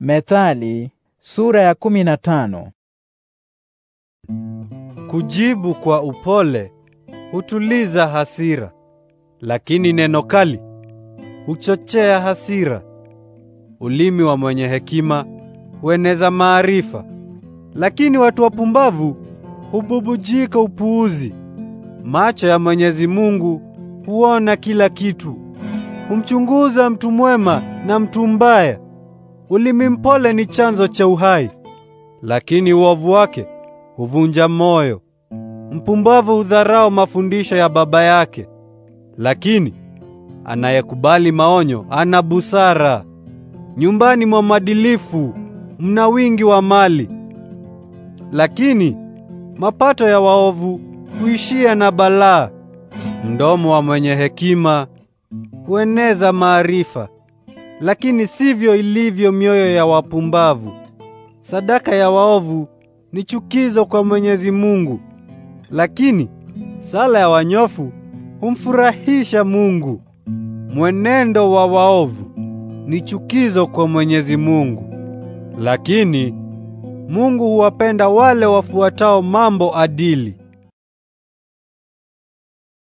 Methali sura ya kumi na tano. Kujibu kwa upole hutuliza hasira, lakini neno kali huchochea hasira. Ulimi wa mwenye hekima hueneza maarifa, lakini watu wapumbavu hububujika upuuzi. Macho ya Mwenyezi Mungu huona kila kitu, humchunguza mtu mwema na mtu mbaya. Ulimi mpole ni chanzo cha uhai, lakini uovu wake huvunja moyo. Mpumbavu hudharau mafundisho ya baba yake, lakini anayekubali maonyo ana busara. Nyumbani mwa mwadilifu mna wingi wa mali, lakini mapato ya waovu huishia na balaa. Mdomo wa mwenye hekima hueneza maarifa lakini sivyo ilivyo mioyo ya wapumbavu. Sadaka ya waovu ni chukizo kwa Mwenyezi Mungu, lakini sala ya wanyofu humfurahisha Mungu. Mwenendo wa waovu ni chukizo kwa Mwenyezi Mungu, lakini Mungu huwapenda wale wafuatao mambo adili.